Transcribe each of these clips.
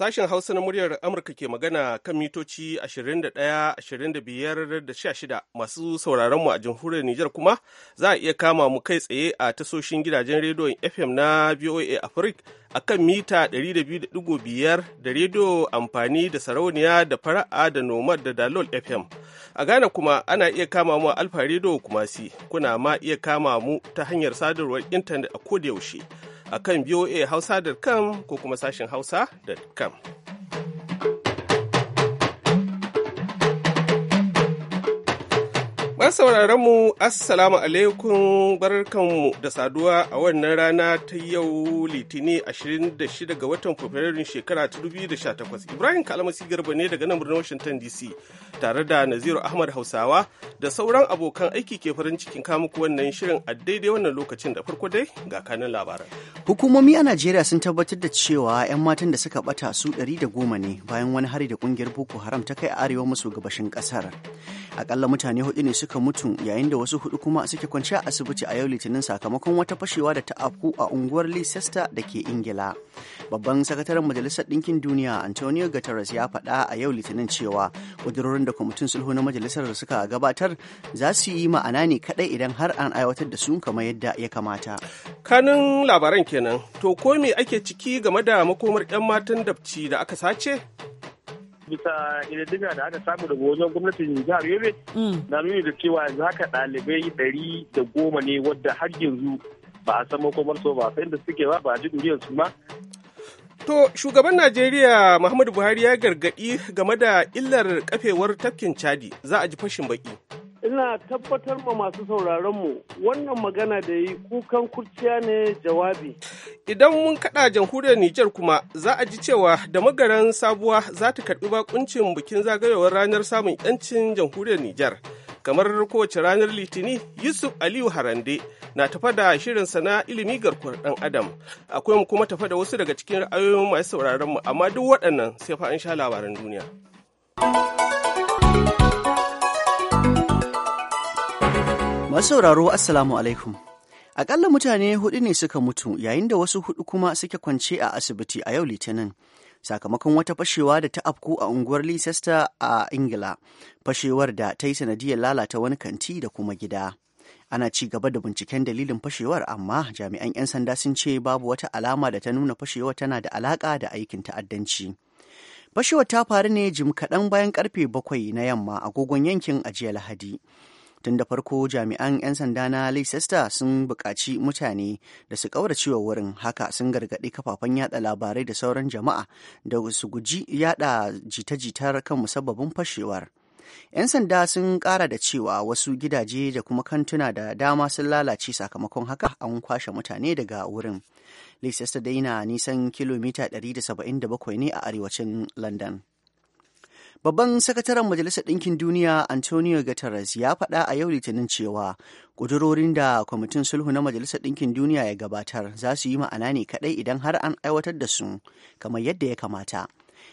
Sashen Hausa na muryar Amurka ke magana kan mitoci 21, 25 16 masu sauraron mu a jamhuriyar Nijar kuma za a iya kama mu kai tsaye a tasoshin gidajen rediyon FM na VOA Africa a kan mita 200.5 da rediyo amfani da sarauniya da fara'a da nomad da dalol FM. A Ghana kuma ana iya kama mu a Alfa Radio Kumasi kuna ma iya kama mu ta hanyar sadarwar intanet a kodayaushe. yaushe. a kan voa hausa.com ko kuma sashen hausa.com. sauraron mu assalamu alaikum barkanmu da saduwa a wannan rana ta yau litini 26 ga watan Fabrairu shekara 2018 ibrahim kalmasi garba ne daga nan birnin washington dc tare da naziru ahmad hausawa da sauran abokan aiki ke farin cikin muku wannan shirin a daidai wannan lokacin da farko dai ga kanin labaran hukumomi a najeriya sun tabbatar da cewa 'yan matan da suka bata su 110 ne bayan wani hari da kungiyar boko haram ta kai a arewa maso gabashin kasar akalla mutane hudu ne suka suka mutu yayin da wasu hudu kuma suke kwance a asibiti a yau litinin sakamakon wata fashewa da ta afku a unguwar Leicester da ke Ingila. Babban sakataren Majalisar Ɗinkin Duniya Antonio Guterres ya faɗa a yau litinin cewa ƙudurorin da kwamitin sulhu na majalisar da suka gabatar za su yi ma'ana ne kaɗai idan har an aiwatar da su kamar yadda ya kamata. Kanun labaran kenan, to ko me ake ciki game da makomar 'yan matan dabci da aka sace? bisa ƙididdiga da aka samu daga wajen gwamnatin jihar yobe mm. na nuni da cewa yanzu haka ɗalibai ɗari da goma ne wadda har yanzu ba a san makomar ba sai da suke ba ba a ji su ma To, shugaban Najeriya Muhammadu Buhari ya gargaɗi game da illar kafewar tafkin Chadi za a ji fashin baki. ina tabbatar ma masu sauraronmu wannan magana da yi kukan kurciya ne jawabi. Idan mun kaɗa jamhuriyar Nijar kuma za a ji cewa da magaran sabuwa za ta karɓi bakuncin bikin zagayowar ranar samun 'yancin jamhuriyar Nijar. Kamar kowace ranar Litini, Yusuf Aliyu Harande na tafa da shirin na ilimi garkuwar ɗan Adam. Akwai mu kuma tafa da wasu daga cikin ra'ayoyin masu sauraronmu, amma duk waɗannan sai fa an sha labaran duniya. Masu sauraro Assalamu alaikum. Akalla mutane hudu ne suka mutu yayin da wasu hudu kuma suke kwance a asibiti a yau Litinin. Sakamakon wata fashewa da ta afku a unguwar Leicester a Ingila, fashewar da ta yi sanadiyar lalata wani kanti da kuma gida. Ana ci gaba da binciken dalilin fashewar amma jami'an 'yan sanda sun ce babu wata alama da ta nuna fashewar tana da alaƙa da aikin ta'addanci. Fashewar ta faru ne jim kaɗan bayan ƙarfe bakwai na yamma agogon yankin ajiyar jiya Lahadi. tun da farko jami'an 'yan sanda na leicester sun buƙaci mutane da su ƙauracewa wurin haka sun gargaɗi kafafen yada labarai da sauran jama'a da su guji yada jita-jitar kan musabbabin fashewar 'yan sanda sun ƙara da cewa wasu gidaje da kuma kantuna da dama sun lalace sakamakon haka an kwashe mutane daga wurin leicester dai na nisan kilomita 177 ne a arewacin london Babban sakataren Majalisar Ɗinkin Duniya Antonio Guterres ya faɗa a yau Litinin cewa ƙudurorin da kwamitin sulhu na Majalisar Ɗinkin Duniya ya gabatar za su yi ma'ana ne kaɗai idan har an aiwatar da su kamar yadda ya kamata.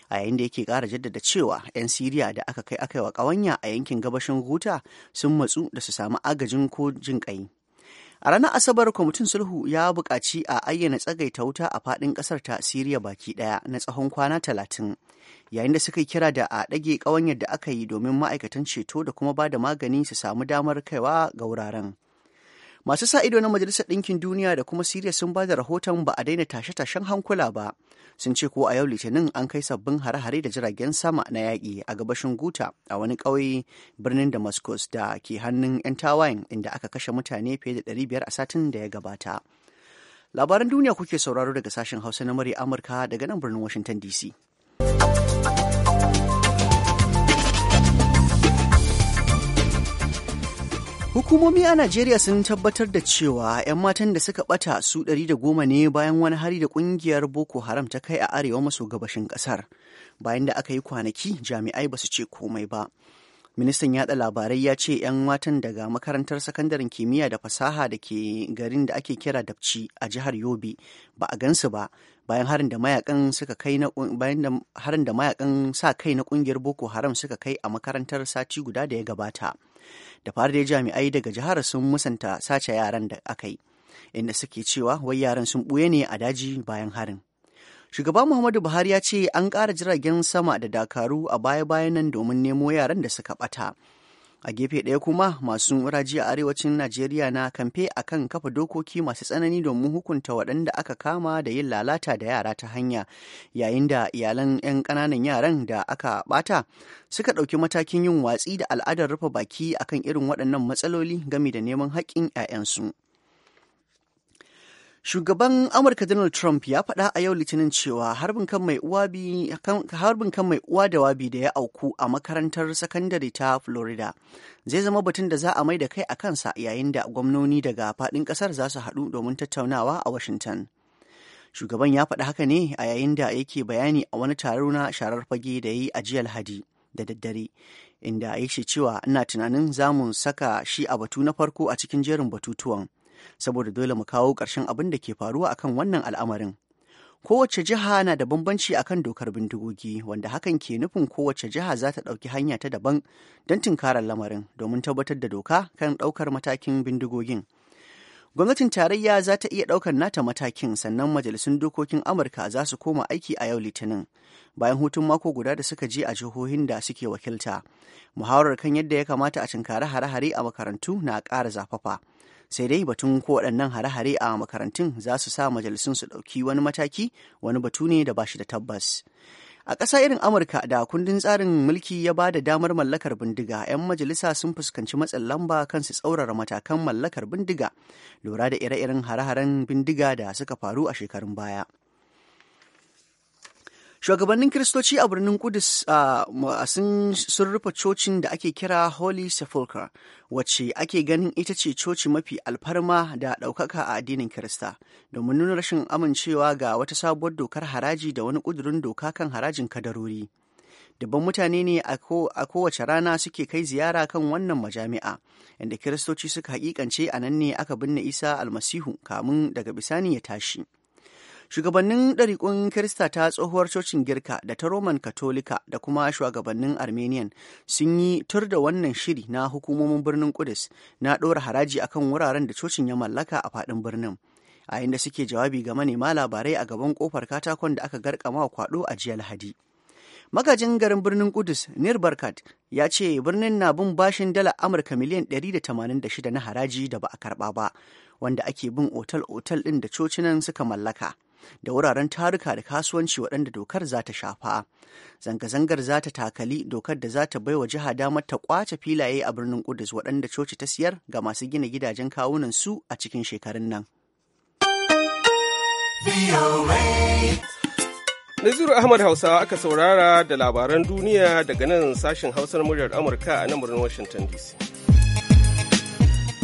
A yayin da yake ƙara jaddada cewa 'yan Siriya da aka kai aka wa ƙawanya a yankin gabashin Guta sun matsu da su samu agajin ko jin ƙai. A ranar Asabar kwamitin sulhu ya buƙaci a ayyana tsagaita wuta a faɗin ƙasar ta Siriya baki ɗaya na tsawon kwana talatin, yayin da suka yi kira da a ɗage ƙawanyar da aka yi domin ma'aikatan ceto da kuma ba da magani su samu damar kaiwa ga wuraren. masu sa ido na majalisar ɗinkin duniya da kuma siriya sun ba da rahoton ba a daina tashe-tashen hankula ba sun ce ko a yau litinin an kai sabbin hare-hare da jiragen sama na yaƙi a gabashin guta a wani ƙauye birnin damascus da ke hannun 'yan tawayen inda aka kashe mutane fiye da 500 a satin da ya gabata labaran duniya kuke sauraro daga sashen hausa na murya amurka daga nan birnin washington dc Hukumomi a Najeriya sun tabbatar da cewa 'yan matan da suka bata su 110 ne bayan wani hari da kungiyar Boko Haram ta kai a arewa maso gabashin kasar. Bayan da aka yi kwanaki jami'ai ba su ce komai ba. Ministan yada labarai ya ce 'yan matan daga makarantar sakandaren kimiyya da fasaha da ke garin da ake kira Dabci a jihar Yobe ba a gansu ba bayan harin da mayakan suka kai na bayan da harin da mayakan sa kai na kungiyar Boko Haram suka kai a makarantar sati guda da ya gabata. da fara dai jami'ai daga jihar sun musanta sace yaran da aka yi inda suke cewa wai yaran sun ɓuye ne a daji bayan harin shugaba muhammadu buhari ya ce an ƙara jiragen sama da dakaru a baya-bayan nan domin nemo yaran da suka ɓata a gefe ɗaya kuma masu raji a arewacin najeriya na kamfe a kan kafa dokoki masu tsanani domin hukunta waɗanda aka kama da yin lalata da yara ta hanya yayin da iyalan 'yan ƙananan yaran da aka ɓata suka ɗauki matakin yin watsi da al'adar rufe baki akan irin waɗannan matsaloli game da neman haƙƙin 'ya'yansu. Shugaban Amurka Donald Trump ya faɗa a yau Litinin cewa harbin kan mai uwa da wabi da ya auku a makarantar sakandare ta Florida zai zama batun da za a mai da kai a kansa yayin da gwamnoni daga faɗin ƙasar za su haɗu domin tattaunawa a Washington. Shugaban ya faɗi haka ne a yayin da yake bayani a wani taro na sharar fage da ya yi a jiya Lahadi da daddare. Inda ya ce cewa ina tunanin za mu saka shi a batu na farko a cikin jerin batutuwan. saboda dole mu kawo ƙarshen abin da ke faruwa akan wannan al'amarin kowace jiha na da bambanci akan dokar bindigogi wanda hakan ke nufin kowace jiha za ta ɗauki hanya ta daban don tunkarar lamarin domin tabbatar da doka kan ɗaukar matakin bindigogin gwamnatin tarayya za ta iya ɗaukar nata matakin sannan majalisun dokokin amurka za su koma aiki a yau litinin bayan hutun mako guda da suka je a jihohin da suke wakilta muhawarar kan yadda ya kamata a cinkari hare-hare a makarantu na ƙara zafafa. sai dai batun ko waɗannan hare-hare a makarantun za su sa majalisun su ɗauki wani mataki wani batu ne da ba shi da tabbas a ƙasa irin amurka da kundin tsarin mulki ya ba da damar mallakar bindiga 'yan majalisa sun fuskanci matsin lamba kan su tsaurara matakan mallakar bindiga lura da ire-iren hare-haren bindiga da suka faru a shekarun baya Shugabannin Kiristoci a birnin Kudus sun rufe cocin da ake kira Holy Sepulchre, wacce ake ganin ita ce coci mafi alfarma da ɗaukaka a addinin Kirista, domin nuna rashin amincewa ga wata sabuwar dokar haraji da wani ƙudurin doka kan harajin kadarori. Dabban mutane ne a kowace rana suke kai ziyara kan wannan majami'a inda kiristoci suka hakikance a nan ne aka binne isa almasihu kamun daga bisani ya tashi Shugabannin ɗariƙun Kirista ta tsohuwar cocin Girka da ta Roman Katolika da kuma shugabannin Armenian sun yi tur da wannan shiri na hukumomin birnin Kudus na ɗora haraji akan wuraren da cocin ya mallaka a faɗin birnin. A inda suke jawabi ga manema labarai a gaban kofar katakon da aka garkama kwaɗo a jiya Lahadi. magajin garin birnin Kudus Nir Barkat ya ce birnin na bin bashin dala Amurka miliyan 186 na haraji da ba a karɓa ba wanda ake bin otal-otal ɗin da cocinan suka mallaka. da wuraren taruka da kasuwanci waɗanda dokar za ta shafa. Zanga-zangar za ta takali dokar da za ta baiwa jiha damar ta kwace filaye a birnin Kudus waɗanda coci ta siyar ga masu gina gidajen kawunan su a cikin shekarun nan. Naziru Ahmad Hausawa aka saurara da labaran duniya daga nan sashen Hausar muryar Amurka a nan birnin Washington DC.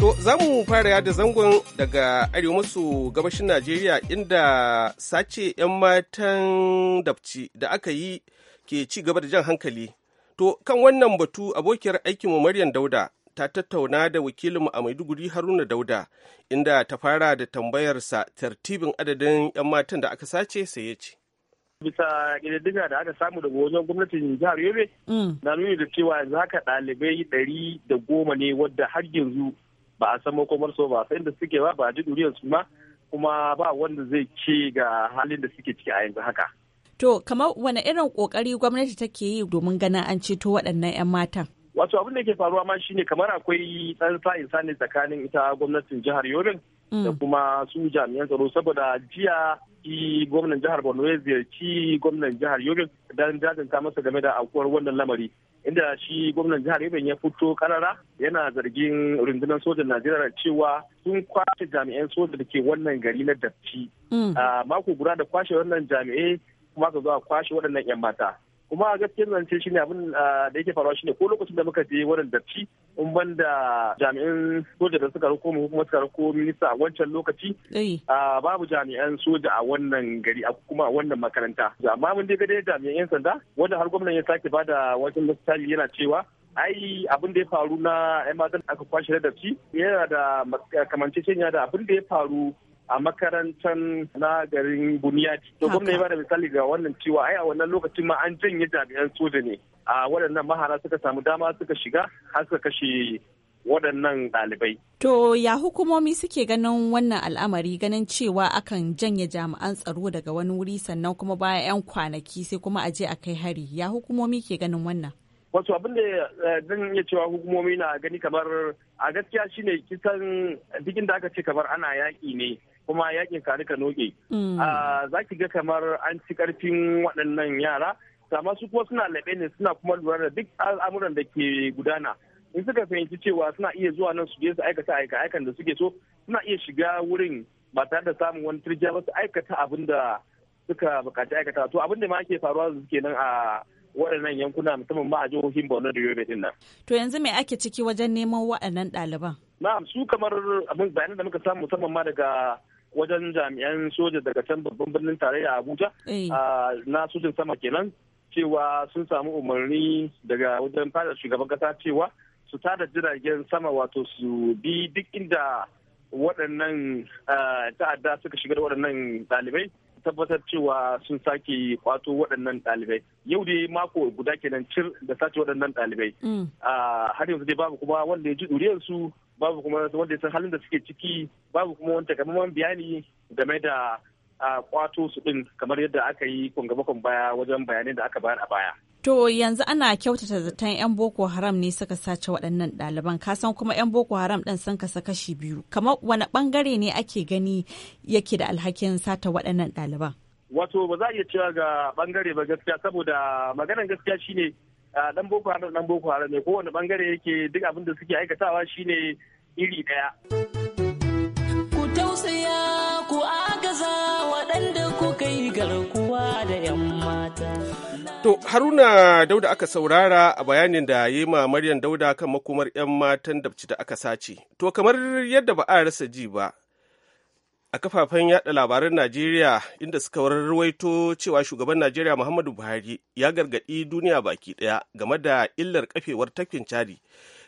To za mu fara yada zangon daga arewa maso gabashin Najeriya inda sace 'yan matan dabci da aka yi ke ci gaba da jan hankali. To kan wannan batu abokiyar aikinmu Maryam Dauda ta tattauna da wakilinmu a Maiduguri Haruna Dauda inda ta fara da tambayarsa tartibin adadin 'yan matan da aka sace sai ya ce. bisa ƙididdiga da aka samu daga wajen gwamnatin jihar yobe mm. na nuni da cewa yanzu haka ɗalibai ɗari da goma ne wadda har yanzu ba a san makomar so ba sai da suke ba ba a ji su ma kuma ba wanda zai ce ga halin da suke ciki a yanzu haka. To kamar wani irin kokari gwamnati take yi domin ganin an ceto waɗannan 'yan matan? Wato abin da ke faruwa ma shine kamar akwai ɗan sa'in ne tsakanin ita gwamnatin jihar Yorin da mm. kuma su jami'an tsaro saboda jiya shi gwamnan jihar Borno ya ziyarci gwamnan jihar Yorin don jajanta masa game da aukuwar wannan lamari. inda shi gwamnan jihar Yobe ya fito karara yana zargin rundunar sojan Najeriya cewa sun kwashe jami'an soja da ke wannan gari na datti. Mm. Mako guda da kwashe wannan jami'ai kuma ka zo a kwashe waɗannan 'yan mata. kuma a gaskiyar zance shine abin ah, da yake faruwa shine ko lokacin da muka je wurin datti in ban da jami'an soja da suka rako kuma suka rako minista a wancan lokaci ah, babu jami'an soja a wannan gari a kuma wannan makaranta amma mun dai ga jami'an yan sanda wanda har gwamnan ya sake ba da wajen misali yana cewa ai abin da ya faru na yan matan aka kwashe da datti yana da kamanceceniya da abin da ya faru a makarantar na garin Buniyadi. To gwamna ya bada misali ga wannan cewa ai a wannan lokacin ma an janye jami'an soja ne. A waɗannan mahara suka samu dama suka shiga har suka kashe waɗannan ɗalibai. To ya hukumomi suke ganin wannan al'amari ganin cewa akan janye jami'an tsaro daga wani wuri sannan kuma baya 'yan kwanaki sai kuma a je a kai hari ya hukumomi ke ganin wannan. Wasu abin da eh, zan iya cewa hukumomi na gani kamar a gaskiya shine kisan bikin da aka ce kamar ana yaƙi ne kuma yakin ka nuka noke mm. ah, za ki ga kamar an ci karfin waɗannan yara amma su kuma suna laɓe ne suna kuma lura da duk al'amuran da ke gudana in suka fahimci cewa suna iya zuwa nan su je su aikata aika aikan da suke so suna iya shiga wurin ba tare da samun wani turjiya ba su aikata abin da suka bukaci aikata to abin da ma ke faruwa suke nan a waɗannan yankuna musamman ma a jihohin Borno da Yobe din nan. To yanzu me ake ciki wajen neman waɗannan ɗaliban? Na'am su kamar abin bayanan da muka samu musamman ma daga wajen jami'an soja daga can babban birnin tarayya abuja eh. a na sojin sama kenan cewa sun samu umarni daga wajen fadar shugaban kasa cewa su tada jiragen sama wato su bi duk inda waɗannan ta'adda suka shigar waɗannan ɗalibai tabbatar cewa sun sake kwato waɗannan ɗalibai yau dai mako guda kenan cir da sace waɗannan ɗalibai mm. har yanzu dai babu kuma wanda ya ji su babu kuma wanda ya halin da suke ciki babu kuma wani takamaiman bayani game da kwato su din kamar yadda aka yi kwangabakon baya wajen bayanai da aka bayar a baya. To yanzu ana kyautata zaton 'yan Boko Haram ne suka sace waɗannan ɗaliban, kasan kuma 'yan Boko Haram ɗin sun kasa kashi biyu, kamar wani ɓangare ne ake gani yake da alhakin sata waɗannan ɗaliban? Wato ba za a iya cewa ga bangare ba gaskiya saboda maganar gaskiya shine dan boko haram dan boko haram ne kowane bangare yake duk abin da suke aikatawa shine iri daya ku tausaya ku agaza waɗanda ku kai garkuwa da yan mata To Haruna Dauda aka saurara a bayanin da ya yi ma Maryam Dauda kan makomar 'yan matan da da aka sace. To kamar yadda ba a rasa ji ba, a kafafen yada labaran Najeriya inda suka rawaito cewa shugaban Najeriya Muhammadu Buhari ya gargaɗi duniya baki ɗaya game da illar kafewar tafkin cari.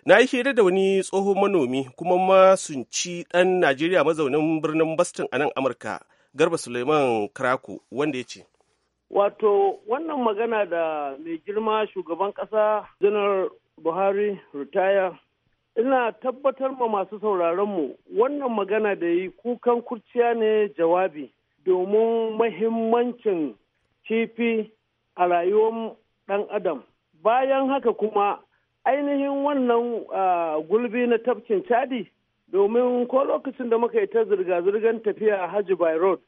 Na yi hira da wani tsohon manomi kuma masunci ɗan Najeriya mazaunin birnin Boston a nan Amurka, Garba Suleiman Krako, wanda ya ce. Wato wannan magana da mai girma shugaban ƙasa General Buhari Ritaya ina tabbatar ma masu sauraronmu wannan magana da yi kukan kurciya ne jawabi domin mahimmancin kifi a rayuwar ɗan adam bayan haka kuma ainihin wannan gulbi na tafkin chadi domin ko lokacin da muka yi ta zirga-zirgar tafiya a hajji by road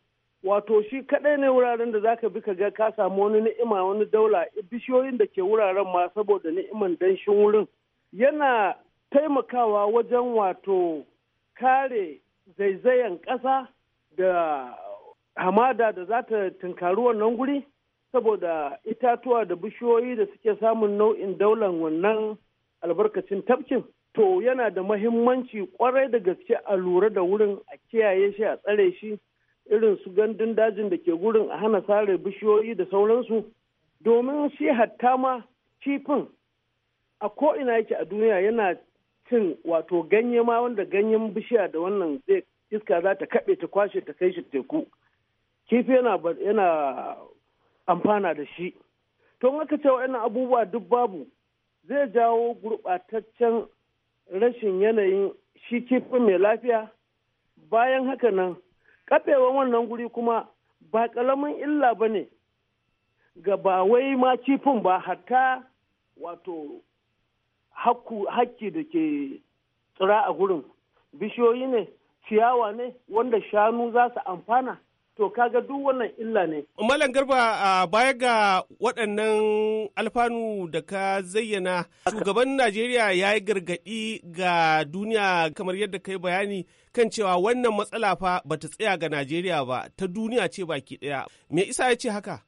wato shi kadai ne wuraren da zaka bi ka ga ka samu wani ni'ima wani daula bishiyoyin da ke wuraren ma saboda ni'iman danshin wurin yana taimakawa wajen wato kare zaizayen ƙasa da hamada da za ta tunkari wannan guri saboda itatuwa da bishiyoyi da suke samun nau'in daular wannan albarkacin tafkin to yana da mahimmanci kwarai da gaske a lura da wurin a kiyaye shi a tsare shi irin su gandun dajin da ke gurin a hana sare bishiyoyi da sauransu domin shi hatta ma kifin a ko'ina yake a duniya yana cin wato ganye ma wanda ganyen bishiya da wannan zai iska za ta kaɓe ta kwashe ta kai shi teku kifi yana yana amfana da shi to aka ce wa'annan abubuwa duk babu zai jawo gurɓataccen rashin yanayin shi kifin mai lafiya bayan haka nan kaɓewan wannan guri kuma ba ƙalamin illa ba ne ga ba wai ma kifin ba hatta wato hakki da ke tsira a gurin bishiyoyi ne ciyawa ne wanda shanu za su amfana to kaga duk wannan illa ne. Malam Garba a baya ga waɗannan alfanu da ka zayyana shugaban Najeriya ya yi gargaɗi ga duniya kamar yadda ka yi bayani kan cewa wannan matsala fa ba ta tsaya ga Najeriya ba ta duniya ce baki ɗaya. Me isa ya ce haka?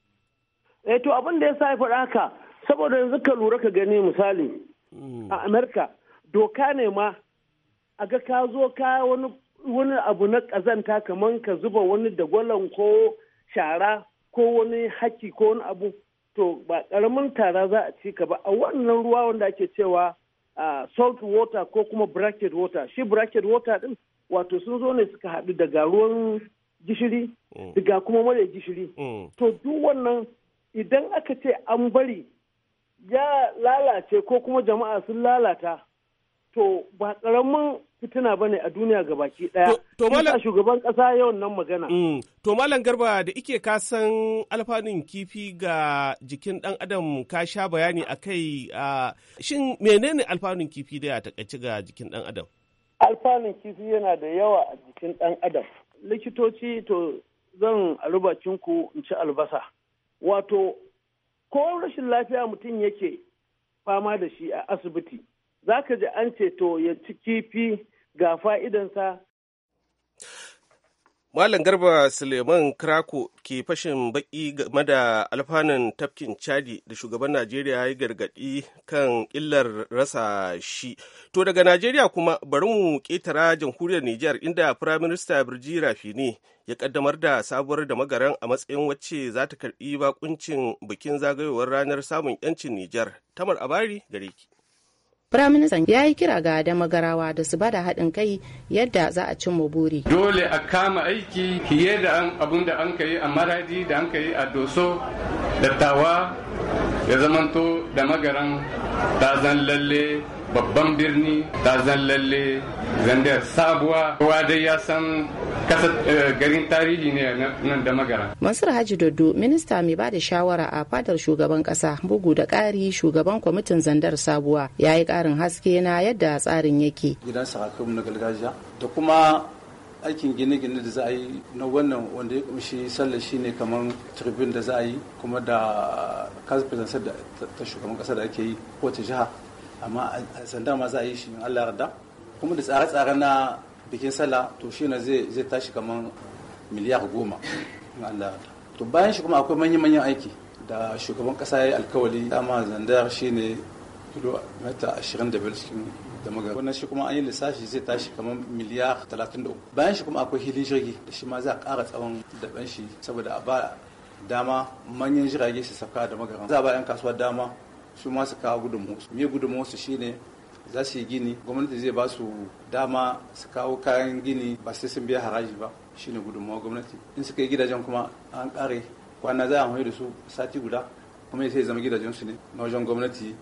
Eh to abin da ya sa ya faɗa haka saboda yanzu ka lura ka gani misali Mm. a Amerika doka ne ma a ga ka zo ka wani abu na ƙazanta kamar ka zuba wani dagwalon ko shara ko wani haki ko wani abu to ba ƙaramin tara za a ci ka ba a wannan ruwa wanda ake cewa salt water ko kuma bracket water shi bracket water din wato sun zo ne suka haɗu daga ruwan gishiri mm. daga kuma mara gishiri mm. to duk wannan idan aka ce an bari ya lalace ko kuma jama'a sun lalata to ba karamin fitina bane a duniya ga baki daya to malam shugaban kasa yawan nan magana mm. to malam garba da ike kasan alfanun kifi ga jikin dan adam ka sha bayani akai shin menene alfanun kifi da ya takaici ga jikin dan adam alfanun kifi yana da yawa a jikin dan adam likitoci to zan a in ci albasa wato ko rashin lafiya mutum yake fama da shi a asibiti za ka ji an ce to ya ci kifi ga fa'idansa Malam Garba Suleiman Krako ke fashin baki game da alfanun tafkin Chadi da shugaban Najeriya ya gargaɗi kan illar rasa shi. To daga Najeriya kuma bari mu ƙetara jamhuriyar Nijar inda Firaminista Birji Rafini ya ƙaddamar da sabuwar da magaran a matsayin wacce za ta karɓi bakuncin bikin zagayowar ranar samun 'yancin Nijar. Tamar Abari gare Firaministan ya yi kira ga da magarawa da su bada haɗin kai yadda za a cimma buri. Dole a kama aiki fiye da abun da an kai a maradi da an kai a doso da tawa ya zamanto da magaran ta lalle babban birni ta zan lalle zandar sabuwa kowa dai ya san eh, garin tarihi ne nan da magara. Mansur Haji Dodo minista mai ba da shawara a fadar shugaban kasa bugu da kari shugaban kwamitin zandar sabuwa ya yi ƙarin haske na yadda tsarin yake. Gidan na gargajiya da kuma aikin gine-gine da za a yi na wannan wanda ya kumshi sallar shi ne kamar tribune da za a yi kuma da kasfin da ta shugaban kasa da ake yi ko kowace jiha amma a sanda ma za a yi shi min Allah yarda kuma da tsare-tsare na bikin sallah to shi ne zai tashi kamar miliyar goma in Allah yarda to bayan shi kuma akwai manya-manyan aiki da shugaban kasa ya yi alkawali dama zandar shi ne kilo mata ashirin da biyar cikin da maga wannan shi kuma an yi lissafi zai tashi kamar miliyar talatin da uku bayan shi kuma akwai hilin jirgi da shi ma za a ƙara tsawon daban shi saboda a ba dama manyan jirage su sauka da magaran za a ba 'yan kasuwa dama su ma su kawo gudunmu su me gudunmu su shine za su yi gini gwamnati zai ba su dama su kawo kayan gini ba sai sun biya haraji ba shi ne gudunmuwa gwamnati in suka yi gidajen kuma an kare kwana za a amfani da su sati guda kuma sai zama gidajen su ne na wajen gwamnati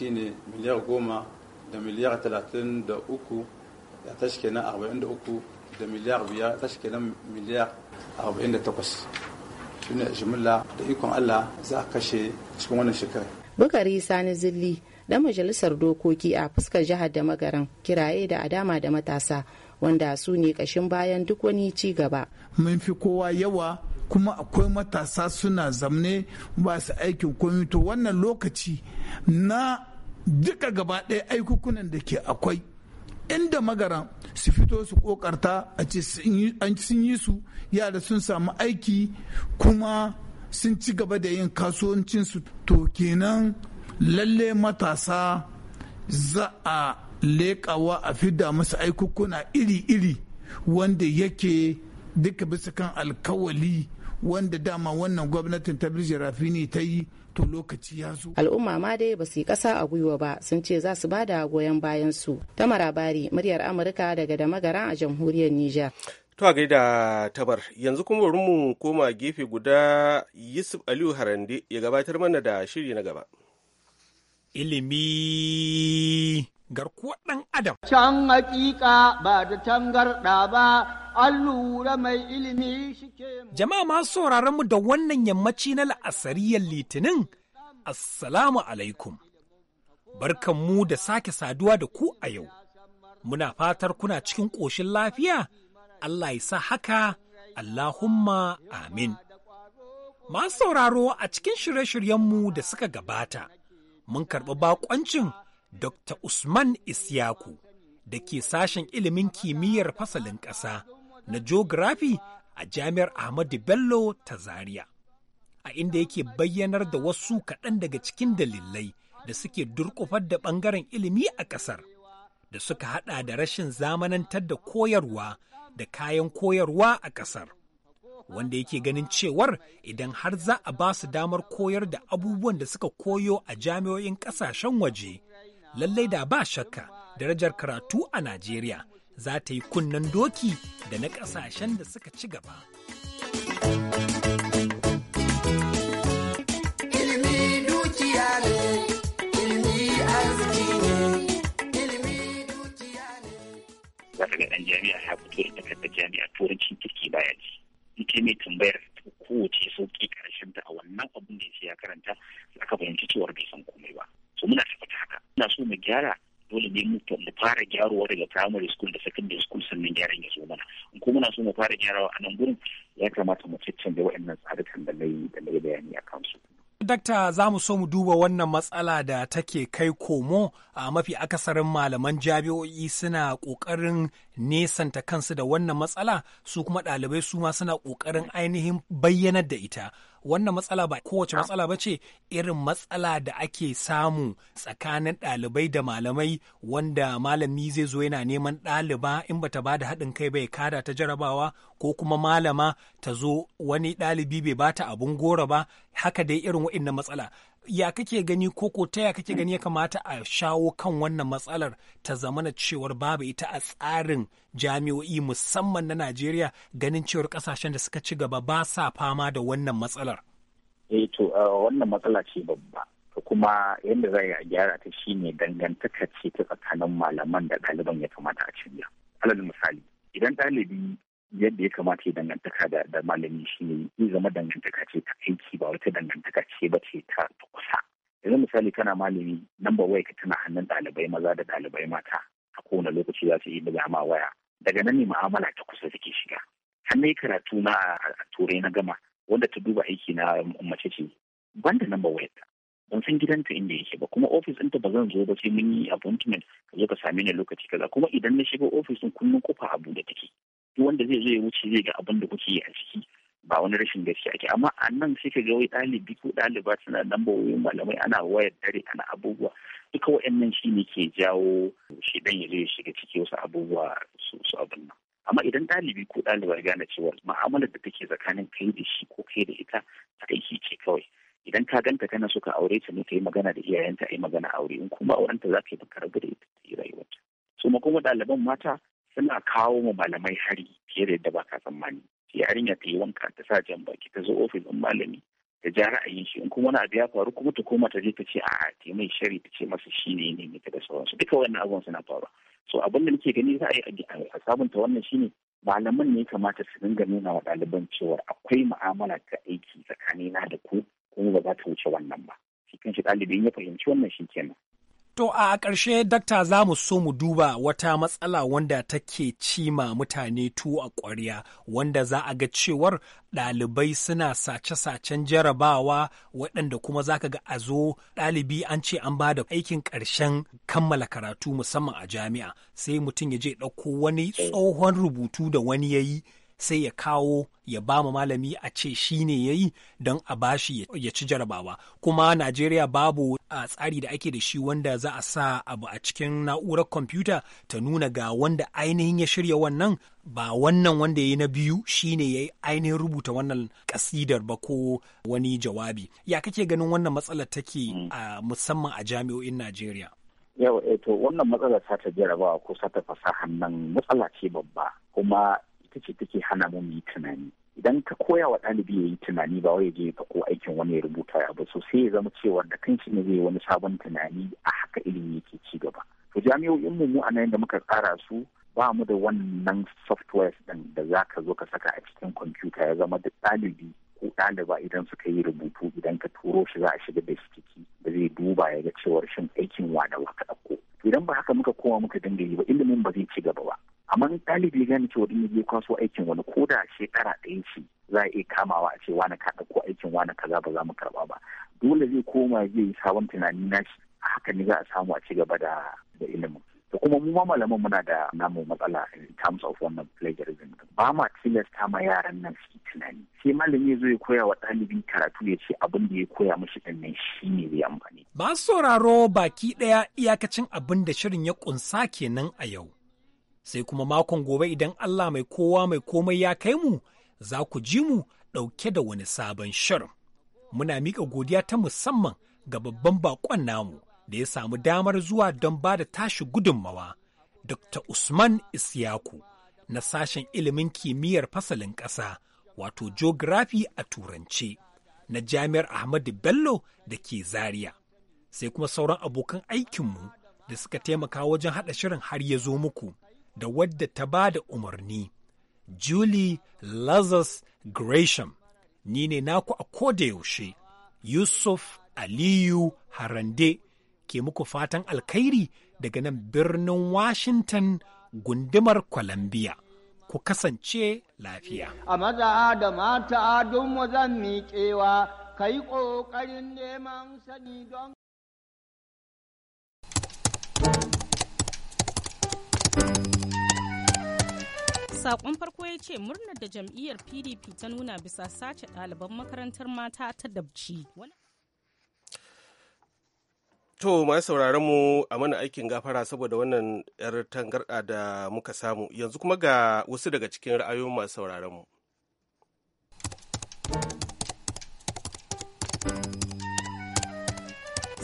ne miliyar goma da miliyar talatin da uku da tashi arba'in da uku da miliyar biyar tashi kenan miliyar arba'in da takwas shine jimilla da ikon allah za a kashe cikin wannan shekarar bukari sani zilli dan majalisar dokoki a fuskar jihar da magaran kiraye da adama da matasa wanda su ne kashin bayan duk wani ci gaba mun fi kowa yawa kuma akwai matasa suna zamne ba su aikin komi to wannan lokaci na duka gaba ɗaya aikukunan da ke akwai inda magaran su fito su kokarta a ce sun yi su yara sun samu aiki kuma sun ci gaba da yin kasuwancinsu to kenan lalle matasa za a leƙawa a fida masu aikukuna iri-iri wanda yake duka bisa kan alkawali wanda dama wannan gwamnatin ta rafini ta yi to lokaci ya zo. Al'umma ma dai ba su yi ƙasa a gwiwa ba sun ce za su ba da goyon bayan su. ta marabari muryar Amurka daga da a jamhuriyar Nijar. To a gaida tabar yanzu kuma bari mu koma gefe guda Yusuf Aliyu Harande ya gabatar mana da shiri na gaba. Ilimi garkuwar ɗan Adam. Can hakika ba da tangarɗa ba, an lura mai ilimi shi ke. Jama'a ma sauraron mu da wannan yammaci na la'asariyar litinin, Assalamu alaikum. Barkan mu da sake saduwa da ku a yau. Muna fatar kuna cikin ƙoshin lafiya Allah ya sa haka, Allahumma amin. Masu sauraro a cikin shirye-shiryenmu da suka gabata, mun karɓi bakoncin Dr. Usman Isyaku da ke sashen ilimin kimiyyar fasalin ƙasa na Geography a Jami'ar Ahmadu Bello ta Zaria. A inda yake bayyanar da wasu kaɗan daga cikin dalilai da suke durƙufar da ɓangaren ilimi a ƙasar, da suka haɗa da rashin zamanantar da koyarwa da kayan koyarwa a ƙasar. Wanda yake ganin cewar idan har za a ba su damar koyar da abubuwan da suka koyo a jami'o'in ƙasashen waje, lallai da ba shakka darajar karatu a Najeriya za ta yi kunnen doki da na ƙasashen da suka ci gaba. za ɗan jami'a ya fito da takardar jami'a turanci kirki baya ji in ce mai tambayar kowace sauƙi ƙarshen ta a wannan abun da ya ya karanta za ka fahimci cewa bai san komai ba so muna tabbata haka ina so mu gyara dole ne mu fara gyarowa daga primary school da secondary school sannan gyaran ya zo mana in ko muna so mu fara gyarawa a nan gurin ya kamata mu tattauna waɗannan tsarukan da na yi bayani a kansu dakta za mu so mu duba wannan matsala da take kai komo a mafi akasarin malaman jami'o'i suna ƙoƙarin nesanta kansu da wannan matsala su kuma ɗalibai su ma suna ƙoƙarin ainihin bayyanar da ita wannan matsala ba kowace matsala ba ce irin matsala da ake samu tsakanin ɗalibai da malamai wanda malami zai zo yana neman ɗaliba in ba ta ba da haɗin kai bai kada ta jarabawa ko kuma malama ta zo wani ɗalibi bai bata abun gora ba haka dai irin wa'innan matsala ya kake gani koko ta ya kake gani ya kamata a shawo kan wannan matsalar ta zamana cewar babu ita a tsarin jami'o'i musamman na Najeriya ganin cewar kasashen da suka ci gaba ba sa fama da wannan matsalar. Eh to wannan matsala ce babba. kuma yadda za a gyara ta shine dangantaka ce ta tsakanin malaman da ɗaliban ya kamata a canja. Alal misali, idan ɗalibi yadda ya kamata ya dangantaka da malami shi ne in zama dangantaka ce ta aiki ba wata dangantaka ce ba ce ta kusa yanzu misali kana malami namba waya ka tana hannun ɗalibai maza da ɗalibai mata a kowane lokaci za su yi buga ma waya daga nan ne ma'amala ta kusa suke shiga har yi karatu na a turai na gama wanda ta duba aiki na mace ce ban da namba wayar ta ban san gidanta inda yake ba kuma ofis ɗinta ba zan zo ba sai mun yi appointment ka zo ka same ni lokaci kaza kuma idan na shiga ofis ɗin kullum kofa a buɗe take wanda zai zo ya wuce zai ga abin da kuke yi a ciki ba wani rashin gaskiya ake amma a nan sai ka ga wai ɗalibi ko ɗaliba suna ba wayoyin malamai ana wayar dare ana abubuwa duka wa'annan shi ne ke jawo shi dan ya zo ya shiga ciki wasu abubuwa su su abin nan amma idan ɗalibi ko ɗaliba ya gane cewa ma'amalar da take tsakanin kai da shi ko kai da ita ta aiki ce kawai idan ka ganta kana so ka aure ta ne ka yi magana da iyayenta a yi magana aure in kuma aurenta za ka yi baka rabu da ita ta yi rayuwarta su kuma ɗaliban mata suna kawo mu malamai hari fiye da yadda baka tsammani yarinya ta yi wanka ta sa jan baki ta zo ofis din malami ta ja ra'ayin shi in kuma wani abu ya faru kuma ta koma ta je ta ce a ta mai shari ta ce masa shi ne ne ta da sauransu duka wannan abubuwan suna faruwa so abin da nake gani za a yi a sabunta wannan shine malaman ne kamata su dinga nuna wa ɗaliban cewa akwai ma'amala ta aiki tsakanina da ku kuma ba za ta wuce wannan ba shi kan shi ɗalibin ya fahimci wannan shi kenan To a ƙarshe dakta za mu so mu duba wata matsala wanda take cima mutane tuwo a ƙwarya wanda za a ga cewar ɗalibai suna sace-sacen jarabawa waɗanda kuma za ka ga a zo ɗalibi an ce an ba da aikin ƙarshen kammala karatu musamman a jami'a sai mutum ya je ɗauko wani tsohon rubutu da wani ya yi sai ya kawo ya ba mu malami a ce shi ne ya yi don a bashi ya ci jarabawa kuma najeriya babu a tsari da ake da shi wanda za a sa abu a cikin na'urar kwamfuta ta nuna ga wanda ainihin ya shirya wannan ba wannan wanda ya yi na biyu shi ne ya yi ainihin rubuta wannan kasidar ba ko wani jawabi ya kake ganin wannan matsalar take a musamman a jami'o'in najeriya yau eto eh, wannan matsalar sata jarabawa ko sata fasahan nan matsala ce babba kuma ita ce take hana mu yi tunani idan ka koya wa ɗalibi ya yi tunani ba wai je ka ko aikin wani ya rubuta abu so sai ya zama cewa da kanshi ne zai wani sabon tunani a haka ilimi yake ci gaba to jami'o'in mu a nan da muka tsara su ba mu da wannan software din da za ka zo ka saka a cikin kwamfuta ya zama da ɗalibi ko ɗaliba idan suka yi rubutu idan ka turo shi za a shiga da ciki da zai duba ya ga cewar shin aikin wa da waka ɗauko idan ba haka muka koma muka dinga yi ba ilimin ba zai ci gaba ba amma in ya gane cewa in ya kwaso aikin wani ko da shekara ɗaya ce za a iya kamawa a ce wani ka ɗauko aikin wani kaza ba za mu karɓa ba dole zai koma zai yi sabon tunani na shi haka ne za a samu a ci gaba da ilimin da kuma mu ma malaman muna da namu matsala in terms of wannan plagiarism ba ma tilasta ma yaran nan su tunani sai malami zai koya wa ɗalibi karatu ya ce abin da ya koya mashi ɗin nan shi ne zai amfani. ba sauraro baki ɗaya iyakacin abin da shirin ya ƙunsa kenan a yau sai kuma makon gobe idan Allah mai kowa mai komai ya kai mu za ku ji mu ɗauke da wani sabon shirin. Muna mika godiya ta musamman ga babban baƙon namu. da ya samu damar zuwa don ba da tashi gudunmawa dr usman isyaku na sashen ilimin kimiyyar fasalin ƙasa wato geography a turance na jami'ar ahmadu bello da ke zaria sai kuma sauran abokan aikinmu da suka taimaka wajen haɗa shirin har ya zo muku da wadda ta ba da umarni julie lazarus gresham ni ne naku a koda yaushe yusuf aliyu harande ke muku fatan alkhairi daga nan birnin Washington gundumar Columbia. Ku kasance lafiya. A maza da mata don miƙewa, ka yi ƙoƙarin neman sani don. saƙon farko ya ce murnar da jam'iyyar PDP ta nuna bisa sace ɗaliban makarantar mata ta dabci. To, masu sauraron mu a mana aikin gafara saboda wannan 'yar tangarɗa da muka samu, yanzu kuma ga wasu daga cikin ra'ayoyin masu sauraron mu.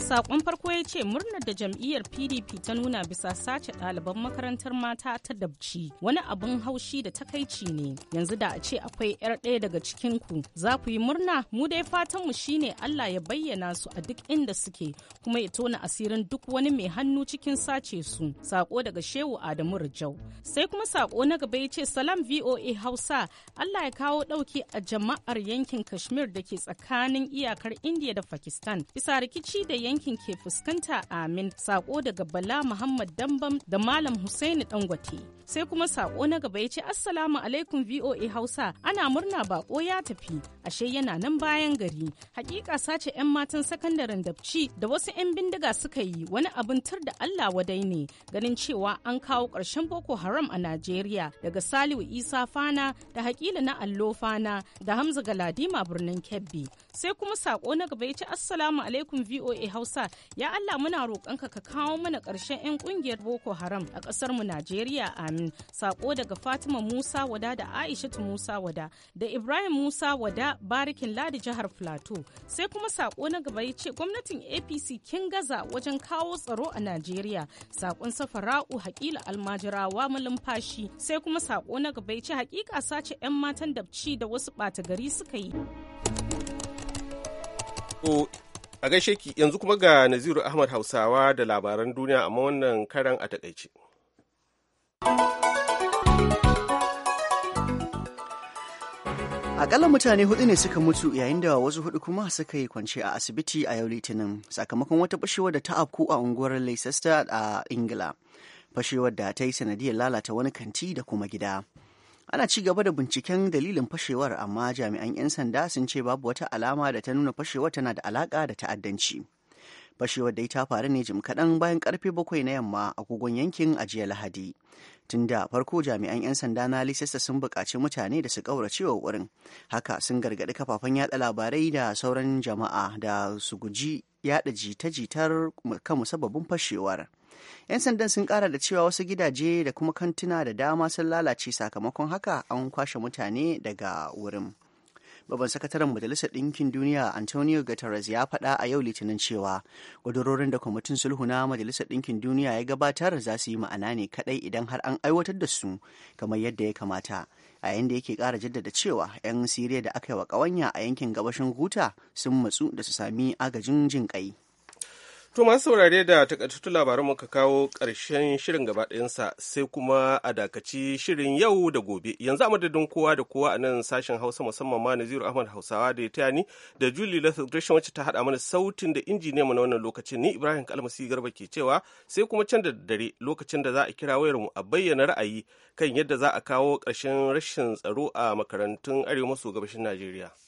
Sakon farko ya ce murnar da jam'iyyar PDP ta nuna bisa sace ɗaliban makarantar mata ta dabci wani abin haushi da takaici ne. Yanzu da a ce akwai 'yar ɗaya daga cikin ku za ku yi murna mu dai fatan mu shine Allah ya bayyana su a duk inda suke kuma ya tona asirin duk wani mai hannu cikin sace su. Sako daga Shehu Adamu Rijau. Sai kuma sako na gaba ya ce salam VOA Hausa Allah ya kawo ɗauki a jama'ar yankin Kashmir da ke tsakanin iyakar Indiya da Pakistan bisa rikici da yankin yankin ke fuskanta amin sako daga bala muhammad dambam da malam husaini dangote sai kuma sako na gaba ya ce assalamu alaikum voa hausa ana murna bako ya tafi ashe yana nan bayan gari hakika sace 'yan matan sakandaren dabci da wasu 'yan bindiga suka yi wani abin tar da allah wadai ne ganin cewa an kawo ƙarshen boko haram a najeriya daga salihu isa fana da hakila na allo fana da hamza galadima birnin kebbi sai kuma sako na gaba ya ce assalamu alaikum voa hausa ya allah muna roƙonka ka kawo mana ƙarshen 'yan ƙungiyar boko haram a ƙasar mu najeriya amin sako daga fatima musa wada da aishatu musa wada da ibrahim musa wada barikin ladi jihar plateau sai kuma sako na gaba ya ce gwamnatin apc kin gaza wajen kawo tsaro a najeriya sakon safara'u hakila almajirawa malumfashi sai kuma sako na gaba ya ce hakika sace 'yan matan dabci da wasu ɓata gari suka yi. To, a gaishe ki yanzu kuma ga Naziru Ahmad Hausawa da labaran duniya amma wannan karan a takaice. Akalla mutane hudu ne suka mutu yayin da wasu hudu kuma suka yi kwance a asibiti a yau litinin sakamakon wata fashewar da ta afku a unguwar Leicester a Ingila. Fashewar da ta yi sanadiyar lalata wani kanti da kuma gida. ana ci gaba da binciken dalilin fashewar amma jami'an 'yan sanda sun ce babu wata alama da ta nuna fashewar tana da alaka da ta'addanci fashewar dai ta faru ne jim kaɗan bayan karfe bakwai na yamma a kogon yankin a lahadi tun da farko jami'an 'yan sanda na lisista sun buƙaci mutane da su ƙaurace wa wurin haka sun gargaɗi kafafen yaɗa labarai da sauran jama'a da su guji yaɗa jita-jitar kan musabbabin fashewar 'Yan sandan sun kara da cewa wasu gidaje da kuma kantuna da dama sun lalace sakamakon haka an kwashe mutane daga wurin. babban sakataren majalisar ɗinkin duniya antonio guterres ya faɗa a yau litinin cewa ƙudurorin da kwamitin sulhu na majalisar ɗinkin duniya ya gabatar za su yi ma'ana ne kaɗai idan har an aiwatar da su kamar yadda ya kamata a yayin da yake ƙara jaddada cewa 'yan siriya da aka yi wa ƙawanya a yankin gabashin guta sun matsu da su sami agajin jin ƙai To masu saurare da takaitattun labaran muka kawo ƙarshen shirin gaba gabaɗayansa sai kuma a dakaci shirin yau da gobe. Yanzu a madadin kowa da kowa a nan sashen Hausa musamman ma Naziru Ahmad Hausawa da ya taya ni da juli Lethal Gresham wacce ta haɗa mana sautin da inji ne na wannan lokacin ni Ibrahim Kalmasi Garba ke cewa sai kuma can da dare lokacin da za a kira wayar mu a bayyana ra'ayi kan yadda za a kawo ƙarshen rashin tsaro a makarantun arewa maso gabashin Najeriya.